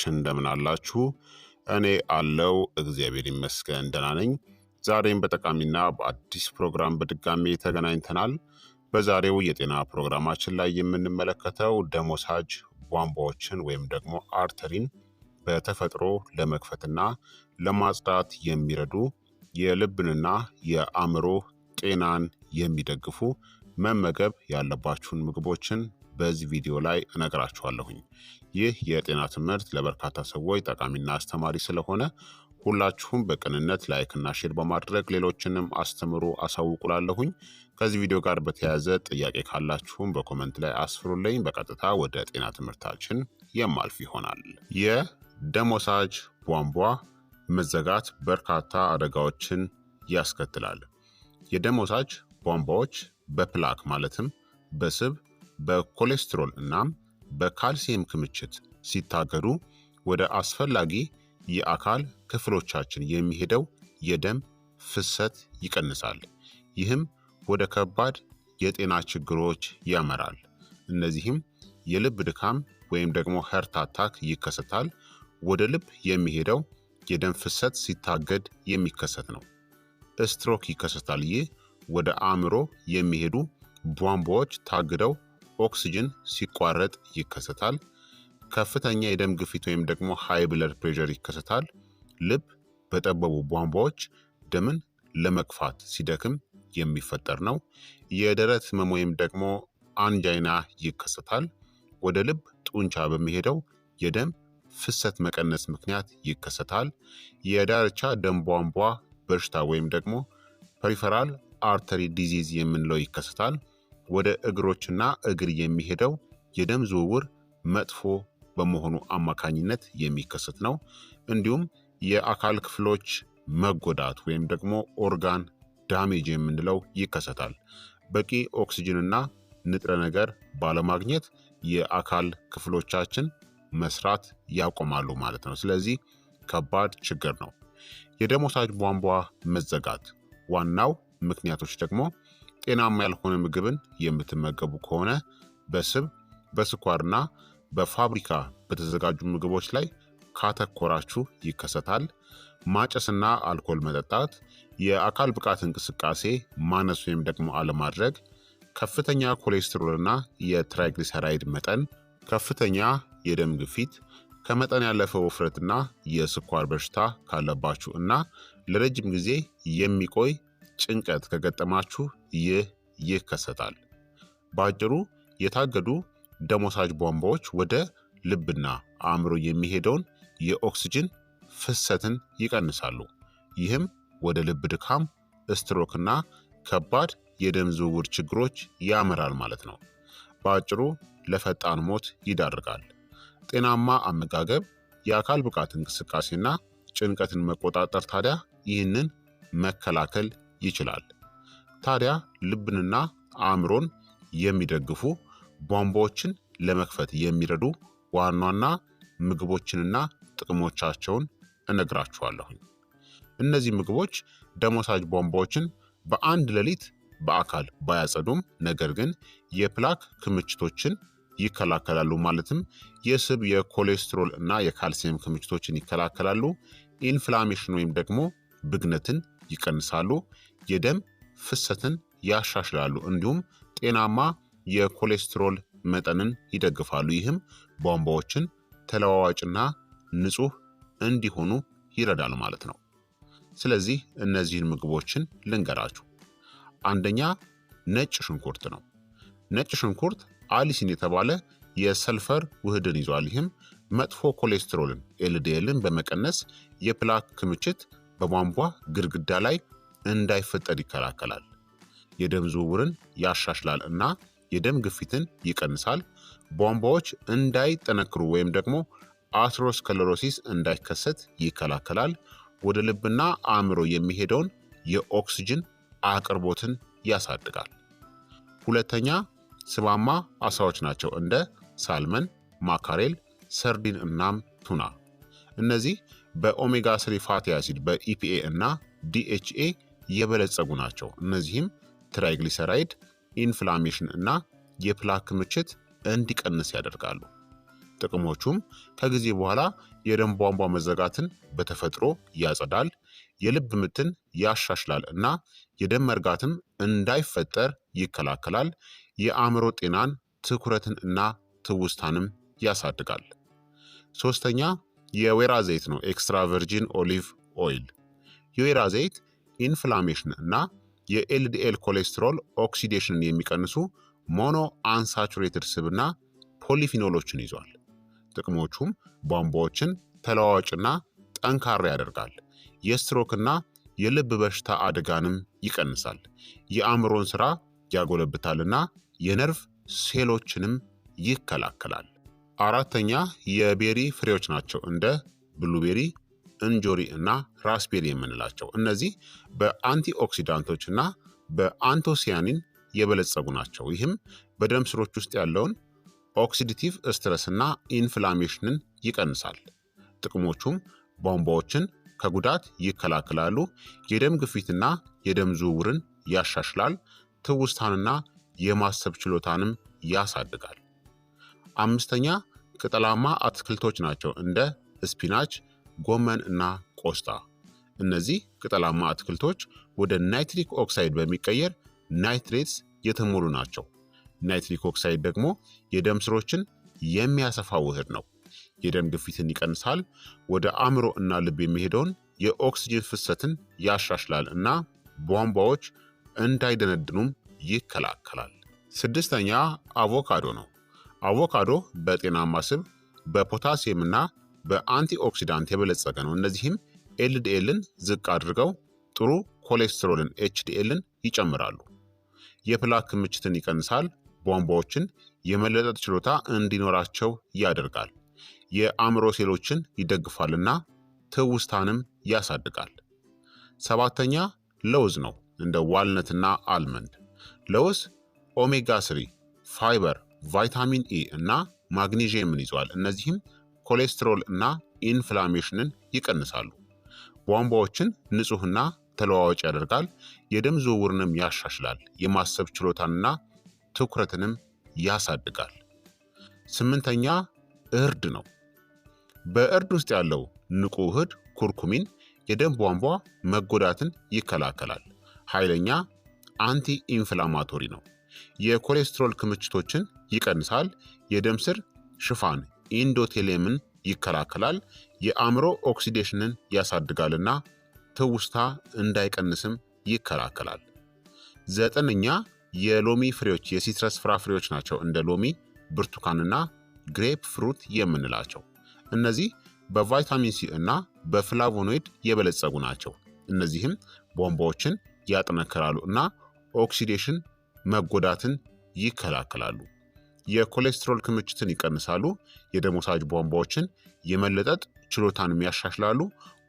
ች እንደምን አላችሁ? እኔ አለው እግዚአብሔር ይመስገን ደህና ነኝ። ዛሬም በጠቃሚና በአዲስ ፕሮግራም በድጋሜ ተገናኝተናል። በዛሬው የጤና ፕሮግራማችን ላይ የምንመለከተው ደሞሳጅ ቧንቧዎችን ወይም ደግሞ አርተሪን በተፈጥሮ ለመክፈትና ለማጽዳት የሚረዱ የልብንና የአእምሮ ጤናን የሚደግፉ መመገብ ያለባችሁን ምግቦችን በዚህ ቪዲዮ ላይ እነግራችኋለሁኝ። ይህ የጤና ትምህርት ለበርካታ ሰዎች ጠቃሚና አስተማሪ ስለሆነ ሁላችሁም በቅንነት ላይክና ሼር በማድረግ ሌሎችንም አስተምሩ አሳውቁላለሁኝ። ከዚህ ቪዲዮ ጋር በተያያዘ ጥያቄ ካላችሁም በኮመንት ላይ አስፍሩልኝ። በቀጥታ ወደ ጤና ትምህርታችን የማልፍ ይሆናል። የደም ወሳጅ ቧንቧ መዘጋት በርካታ አደጋዎችን ያስከትላል። የደም ወሳጅ ቧንቧዎች በፕላክ ማለትም በስብ በኮሌስትሮል እናም በካልሲየም ክምችት ሲታገዱ ወደ አስፈላጊ የአካል ክፍሎቻችን የሚሄደው የደም ፍሰት ይቀንሳል። ይህም ወደ ከባድ የጤና ችግሮች ያመራል። እነዚህም የልብ ድካም ወይም ደግሞ ሄርት አታክ ይከሰታል። ወደ ልብ የሚሄደው የደም ፍሰት ሲታገድ የሚከሰት ነው። ስትሮክ ይከሰታል። ይህ ወደ አእምሮ የሚሄዱ ቧንቧዎች ታግደው ኦክስጅን ሲቋረጥ ይከሰታል። ከፍተኛ የደም ግፊት ወይም ደግሞ ሃይ ብለድ ፕሬሸር ይከሰታል። ልብ በጠበቡ ቧንቧዎች ደምን ለመግፋት ሲደክም የሚፈጠር ነው። የደረት ህመም ወይም ደግሞ አንጃይና ይከሰታል። ወደ ልብ ጡንቻ በሚሄደው የደም ፍሰት መቀነስ ምክንያት ይከሰታል። የዳርቻ ደም ቧንቧ በሽታ ወይም ደግሞ ፐሪፈራል አርተሪ ዲዚዝ የምንለው ይከሰታል። ወደ እግሮችና እግር የሚሄደው የደም ዝውውር መጥፎ በመሆኑ አማካኝነት የሚከሰት ነው። እንዲሁም የአካል ክፍሎች መጎዳት ወይም ደግሞ ኦርጋን ዳሜጅ የምንለው ይከሰታል። በቂ ኦክስጅንና ንጥረ ነገር ባለማግኘት የአካል ክፍሎቻችን መስራት ያቆማሉ ማለት ነው። ስለዚህ ከባድ ችግር ነው። የደም ወሳጅ ቧንቧ መዘጋት ዋናው ምክንያቶች ደግሞ ጤናማ ያልሆነ ምግብን የምትመገቡ ከሆነ በስብ በስኳርና በፋብሪካ በተዘጋጁ ምግቦች ላይ ካተኮራችሁ ይከሰታል። ማጨስና አልኮል መጠጣት፣ የአካል ብቃት እንቅስቃሴ ማነስ ወይም ደግሞ አለማድረግ፣ ከፍተኛ ኮሌስትሮልና የትራይግሊሰራይድ መጠን፣ ከፍተኛ የደም ግፊት፣ ከመጠን ያለፈ ውፍረትና የስኳር በሽታ ካለባችሁ እና ለረጅም ጊዜ የሚቆይ ጭንቀት ከገጠማችሁ ይህ ይከሰታል። በአጭሩ የታገዱ ደሞሳጅ ቧንቧዎች ወደ ልብና አእምሮ የሚሄደውን የኦክስጅን ፍሰትን ይቀንሳሉ። ይህም ወደ ልብ ድካም፣ ስትሮክና ከባድ የደም ዝውውር ችግሮች ያመራል ማለት ነው። በአጭሩ ለፈጣን ሞት ይዳርጋል። ጤናማ አመጋገብ፣ የአካል ብቃት እንቅስቃሴና ጭንቀትን መቆጣጠር ታዲያ ይህንን መከላከል ይችላል። ታዲያ ልብንና አእምሮን የሚደግፉ ቧንቧዎችን ለመክፈት የሚረዱ ዋናና ምግቦችንና ጥቅሞቻቸውን እነግራችኋለሁኝ። እነዚህ ምግቦች ደም ወሳጅ ቧንቧዎችን በአንድ ሌሊት በአካል ባያጸዱም ነገር ግን የፕላክ ክምችቶችን ይከላከላሉ። ማለትም የስብ የኮሌስትሮል እና የካልሲየም ክምችቶችን ይከላከላሉ። ኢንፍላሜሽን ወይም ደግሞ ብግነትን ይቀንሳሉ። የደም ፍሰትን ያሻሽላሉ እንዲሁም ጤናማ የኮሌስትሮል መጠንን ይደግፋሉ። ይህም ቧንቧዎችን ተለዋዋጭና ንጹህ እንዲሆኑ ይረዳል ማለት ነው። ስለዚህ እነዚህን ምግቦችን ልንገራችሁ። አንደኛ ነጭ ሽንኩርት ነው። ነጭ ሽንኩርት አሊሲን የተባለ የሰልፈር ውህድን ይዟል። ይህም መጥፎ ኮሌስትሮልን ኤልዲኤልን በመቀነስ የፕላክ ክምችት በቧንቧ ግድግዳ ላይ እንዳይፈጠር ይከላከላል። የደም ዝውውርን ያሻሽላል እና የደም ግፊትን ይቀንሳል። ቧንቧዎች እንዳይጠነክሩ ወይም ደግሞ አትሮስክለሮሲስ እንዳይከሰት ይከላከላል። ወደ ልብና አእምሮ የሚሄደውን የኦክስጅን አቅርቦትን ያሳድጋል። ሁለተኛ ስባማ አሳዎች ናቸው፣ እንደ ሳልመን፣ ማካሬል፣ ሰርዲን እናም ቱና። እነዚህ በኦሜጋ ስሪ ፋቲ አሲድ በኢፒኤ እና ዲኤችኤ የበለጸጉ ናቸው። እነዚህም ትራይግሊሰራይድ፣ ኢንፍላሜሽን እና የፕላክ ምችት እንዲቀንስ ያደርጋሉ። ጥቅሞቹም ከጊዜ በኋላ የደም ቧንቧ መዘጋትን በተፈጥሮ ያጸዳል፣ የልብ ምትን ያሻሽላል እና የደም መርጋትም እንዳይፈጠር ይከላከላል። የአእምሮ ጤናን፣ ትኩረትን እና ትውስታንም ያሳድጋል። ሶስተኛ የወይራ ዘይት ነው፣ ኤክስትራ ቨርጂን ኦሊቭ ኦይል። የወይራ ዘይት ኢንፍላሜሽን እና የኤልዲኤል ኮሌስትሮል ኦክሲዴሽንን የሚቀንሱ ሞኖ አንሳቹሬትድ ስብና ፖሊፊኖሎችን ይዟል። ጥቅሞቹም ቧንቧዎችን ተለዋዋጭና ጠንካራ ያደርጋል። የስትሮክና የልብ በሽታ አደጋንም ይቀንሳል። የአእምሮን ስራ ያጎለብታልና የነርቭ ሴሎችንም ይከላከላል። አራተኛ የቤሪ ፍሬዎች ናቸው። እንደ ብሉቤሪ፣ እንጆሪ እና ራስቤሪ የምንላቸው እነዚህ በአንቲ ኦክሲዳንቶች እና በአንቶሲያኒን የበለጸጉ ናቸው። ይህም በደም ስሮች ውስጥ ያለውን ኦክሲዲቲቭ ስትረስ እና ኢንፍላሜሽንን ይቀንሳል። ጥቅሞቹም ቧንቧዎችን ከጉዳት ይከላከላሉ፣ የደም ግፊትና የደም ዝውውርን ያሻሽላል፣ ትውስታንና የማሰብ ችሎታንም ያሳድጋል። አምስተኛ ቅጠላማ አትክልቶች ናቸው እንደ ስፒናች ጎመን እና ቆስጣ። እነዚህ ቅጠላማ አትክልቶች ወደ ናይትሪክ ኦክሳይድ በሚቀየር ናይትሬትስ የተሞሉ ናቸው። ናይትሪክ ኦክሳይድ ደግሞ የደም ስሮችን የሚያሰፋ ውህድ ነው። የደም ግፊትን ይቀንሳል፣ ወደ አእምሮ እና ልብ የሚሄደውን የኦክስጂን ፍሰትን ያሻሽላል እና ቧንቧዎች እንዳይደነድኑም ይከላከላል። ስድስተኛ አቮካዶ ነው። አቮካዶ በጤናማ ስብ በፖታሲየም እና በአንቲኦክሲዳንት የበለጸገ ነው። እነዚህም ኤልዲኤልን ዝቅ አድርገው ጥሩ ኮሌስትሮልን ኤችዲኤልን ይጨምራሉ። የፕላክ ክምችትን ይቀንሳል። ቧንቧዎችን የመለጠጥ ችሎታ እንዲኖራቸው ያደርጋል። የአእምሮ ሴሎችን ይደግፋልና ትውስታንም ያሳድጋል። ሰባተኛ ለውዝ ነው። እንደ ዋልነትና አልመንድ ለውዝ ኦሜጋ ስሪ፣ ፋይበር፣ ቫይታሚን ኢ እና ማግኒዥየምን ይዟል። እነዚህም ኮሌስትሮል እና ኢንፍላሜሽንን ይቀንሳሉ። ቧንቧዎችን ንጹህና ተለዋዋጭ ያደርጋል። የደም ዝውውርንም ያሻሽላል። የማሰብ ችሎታንና ትኩረትንም ያሳድጋል። ስምንተኛ እርድ ነው። በእርድ ውስጥ ያለው ንቁ ውህድ ኩርኩሚን የደም ቧንቧ መጎዳትን ይከላከላል። ኃይለኛ አንቲ ኢንፍላማቶሪ ነው። የኮሌስትሮል ክምችቶችን ይቀንሳል። የደም ስር ሽፋን ኢንዶቴሌምን ይከላከላል፣ የአእምሮ ኦክሲዴሽንን ያሳድጋልና ትውስታ እንዳይቀንስም ይከላከላል። ዘጠነኛ የሎሚ ፍሬዎች የሲትረስ ፍራፍሬዎች ናቸው። እንደ ሎሚ፣ ብርቱካንና ግሬፕ ፍሩት የምንላቸው እነዚህ በቫይታሚን ሲ እና በፍላቮኖይድ የበለጸጉ ናቸው። እነዚህም ቦምባዎችን ያጠነክራሉ እና ኦክሲዴሽን መጎዳትን ይከላከላሉ። የኮሌስትሮል ክምችትን ይቀንሳሉ፣ የደም ወሳጅ ቧንቧዎችን፣ የመለጠጥ ችሎታንም ያሻሽላሉ፣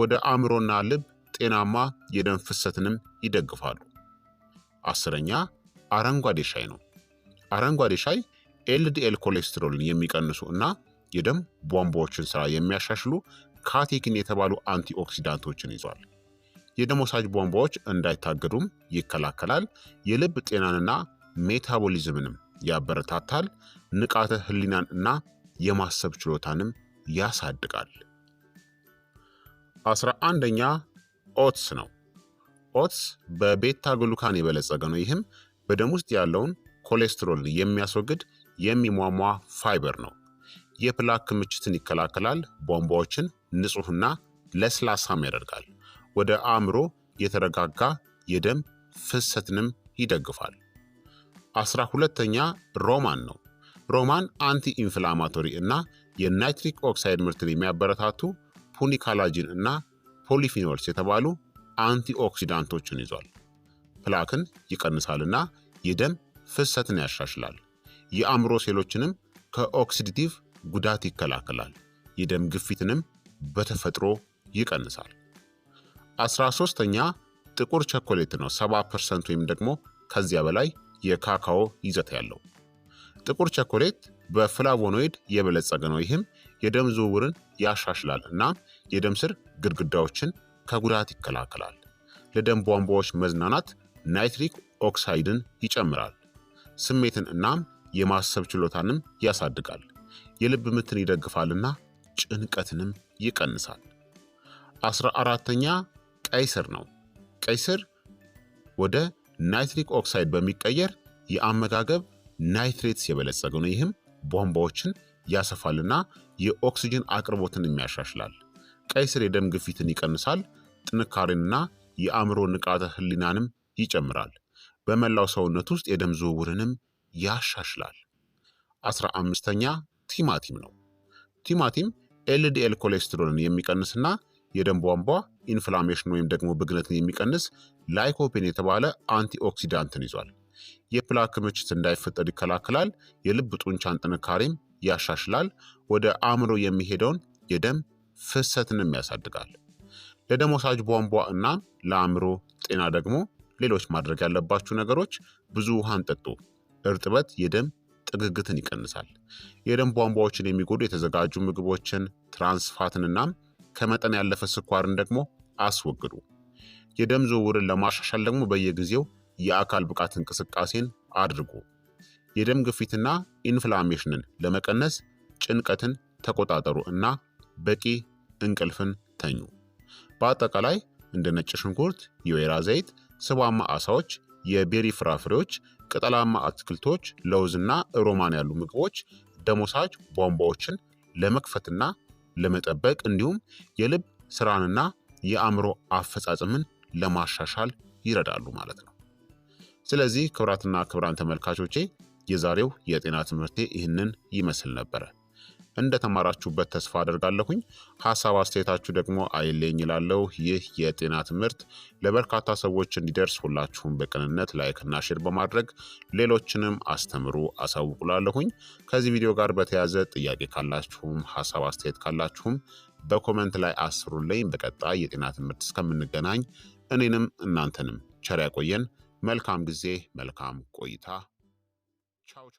ወደ አእምሮና ልብ ጤናማ የደም ፍሰትንም ይደግፋሉ። አስረኛ አረንጓዴ ሻይ ነው። አረንጓዴ ሻይ ኤልዲኤል ኮሌስትሮልን የሚቀንሱ እና የደም ቧንቧዎችን ስራ የሚያሻሽሉ ካቴኪን የተባሉ አንቲኦክሲዳንቶችን ይዟል። የደም ወሳጅ ቧንቧዎች እንዳይታገዱም ይከላከላል። የልብ ጤናንና ሜታቦሊዝምንም ያበረታታል። ንቃተ ህሊናን እና የማሰብ ችሎታንም ያሳድጋል። አስራ አንደኛ ኦትስ ነው። ኦትስ በቤታ ግሉካን የበለጸገ ነው። ይህም በደም ውስጥ ያለውን ኮሌስትሮል የሚያስወግድ የሚሟሟ ፋይበር ነው። የፕላክ ክምችትን ይከላከላል፣ ቧንቧዎችን ንጹህና ለስላሳም ያደርጋል። ወደ አእምሮ የተረጋጋ የደም ፍሰትንም ይደግፋል። አስራ ሁለተኛ ሮማን ነው። ሮማን አንቲ ኢንፍላማቶሪ እና የናይትሪክ ኦክሳይድ ምርትን የሚያበረታቱ ፑኒካላጂን እና ፖሊፊኖልስ የተባሉ አንቲኦክሲዳንቶችን ይዟል። ፕላክን ይቀንሳልና የደም ፍሰትን ያሻሽላል። የአእምሮ ሴሎችንም ከኦክሲዲቲቭ ጉዳት ይከላከላል። የደም ግፊትንም በተፈጥሮ ይቀንሳል። አስራ ሶስተኛ ጥቁር ቸኮሌት ነው። 7 ፐርሰንት ወይም ደግሞ ከዚያ በላይ የካካኦ ይዘት ያለው። ጥቁር ቸኮሌት በፍላቮኖይድ የበለጸገ ነው። ይህም የደም ዝውውርን ያሻሽላል እናም የደም ስር ግድግዳዎችን ከጉዳት ይከላከላል። ለደም ቧንቧዎች መዝናናት ናይትሪክ ኦክሳይድን ይጨምራል። ስሜትን እናም የማሰብ ችሎታንም ያሳድጋል። የልብ ምትን ይደግፋልና ጭንቀትንም ይቀንሳል። አስራ አራተኛ ቀይ ስር ነው። ቀይ ስር ወደ ናይትሪክ ኦክሳይድ በሚቀየር የአመጋገብ ናይትሬትስ የበለጸገ ነው። ይህም ቧንቧዎችን ያሰፋልና የኦክሲጅን አቅርቦትን የሚያሻሽላል። ቀይ ስር የደም ግፊትን ይቀንሳል፣ ጥንካሬንና የአእምሮ ንቃተ ህሊናንም ይጨምራል። በመላው ሰውነት ውስጥ የደም ዝውውርንም ያሻሽላል። አስራ አምስተኛ ቲማቲም ነው። ቲማቲም ኤልዲኤል ኮሌስትሮልን የሚቀንስና የደም ቧንቧ ኢንፍላሜሽን ወይም ደግሞ ብግነትን የሚቀንስ ላይኮፔን የተባለ አንቲኦክሲዳንትን ይዟል። የፕላክ ክምችት እንዳይፈጠር ይከላከላል። የልብ ጡንቻን ጥንካሬም ያሻሽላል። ወደ አእምሮ የሚሄደውን የደም ፍሰትንም ያሳድጋል። ለደም ወሳጅ ቧንቧ እና ለአእምሮ ጤና ደግሞ ሌሎች ማድረግ ያለባችሁ ነገሮች ብዙ ውሃን ጠጡ። እርጥበት የደም ጥግግትን ይቀንሳል። የደም ቧንቧዎችን የሚጎዱ የተዘጋጁ ምግቦችን፣ ትራንስፋትንና ከመጠን ያለፈ ስኳርን ደግሞ አስወግዱ። የደም ዝውውርን ለማሻሻል ደግሞ በየጊዜው የአካል ብቃት እንቅስቃሴን አድርጉ። የደም ግፊትና ኢንፍላሜሽንን ለመቀነስ ጭንቀትን ተቆጣጠሩ እና በቂ እንቅልፍን ተኙ። በአጠቃላይ እንደ ነጭ ሽንኩርት፣ የወይራ ዘይት፣ ስባማ አሳዎች፣ የቤሪ ፍራፍሬዎች፣ ቅጠላማ አትክልቶች፣ ለውዝና ሮማን ያሉ ምግቦች ደሞሳጅ ቧንቧዎችን ለመክፈትና ለመጠበቅ እንዲሁም የልብ ስራንና የአእምሮ አፈጻጸምን ለማሻሻል ይረዳሉ ማለት ነው። ስለዚህ ክብራትና ክብራን ተመልካቾቼ የዛሬው የጤና ትምህርቴ ይህንን ይመስል ነበረ። እንደተማራችሁበት ተስፋ አደርጋለሁኝ። ሀሳብ አስተያየታችሁ ደግሞ አይለኝ ይላለው። ይህ የጤና ትምህርት ለበርካታ ሰዎች እንዲደርስ ሁላችሁም በቅንነት ላይክና ሼር በማድረግ ሌሎችንም አስተምሩ አሳውቁላለሁኝ። ከዚህ ቪዲዮ ጋር በተያያዘ ጥያቄ ካላችሁም ሀሳብ አስተያየት ካላችሁም በኮመንት ላይ አስሩልኝ። በቀጣይ የጤና ትምህርት እስከምንገናኝ እኔንም እናንተንም ቸር ያቆየን። መልካም ጊዜ፣ መልካም ቆይታ። ቻው ቻው።